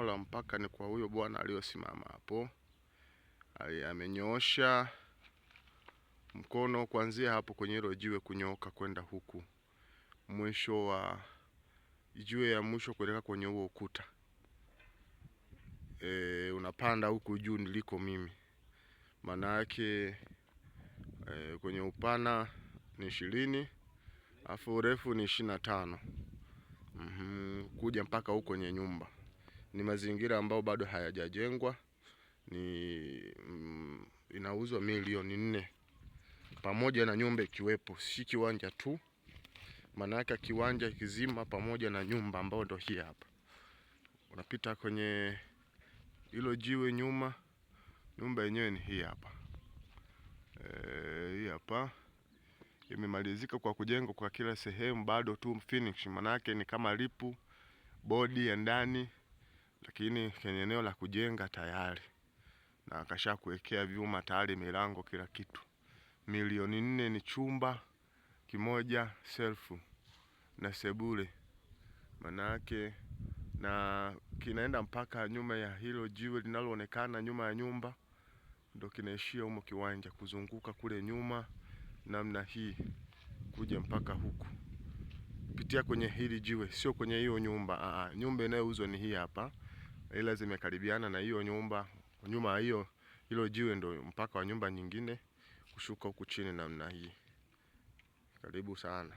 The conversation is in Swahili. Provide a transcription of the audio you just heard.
eneo la mpaka ni kwa huyo bwana aliyosimama hapo, amenyoosha mkono kuanzia hapo kwenye hilo jiwe kunyooka kwenda huku mwisho wa jiwe ya mwisho kuelekea kwenye huo ukuta e, unapanda huku juu niliko mimi. Maana yake e, kwenye upana ni ishirini alafu urefu ni ishirini na tano mm -hmm, kuja mpaka huko kwenye nyumba ni mazingira ambayo bado hayajajengwa ni mm, inauzwa milioni nne pamoja na nyumba ikiwepo, si kiwanja tu. Maana yake kiwanja kizima pamoja na nyumba ambayo ndo hii hapa. Unapita kwenye hilo jiwe nyuma, nyumba yenyewe ni hii hapa e, hii hapa imemalizika kwa kujengwa kwa kila sehemu, bado tu finish. Maana yake ni kama lipu bodi ya ndani lakini kwenye eneo la kujenga tayari na akasha kuwekea vyuma tayari, milango, kila kitu. Milioni nne ni chumba kimoja selfu na sebule, manake na kinaenda mpaka nyuma ya hilo jiwe linaloonekana nyuma ya nyumba, ndo kinaishia humo kiwanja, kuzunguka kule nyuma namna hii kuja mpaka huku kupitia kwenye hili jiwe, sio kwenye hiyo nyumba. Aa, nyumba inayouzwa ni hii hapa ila zimekaribiana na hiyo nyumba, nyuma hiyo hilo jiwe ndo mpaka wa nyumba nyingine kushuka huku chini namna hii. Karibu sana.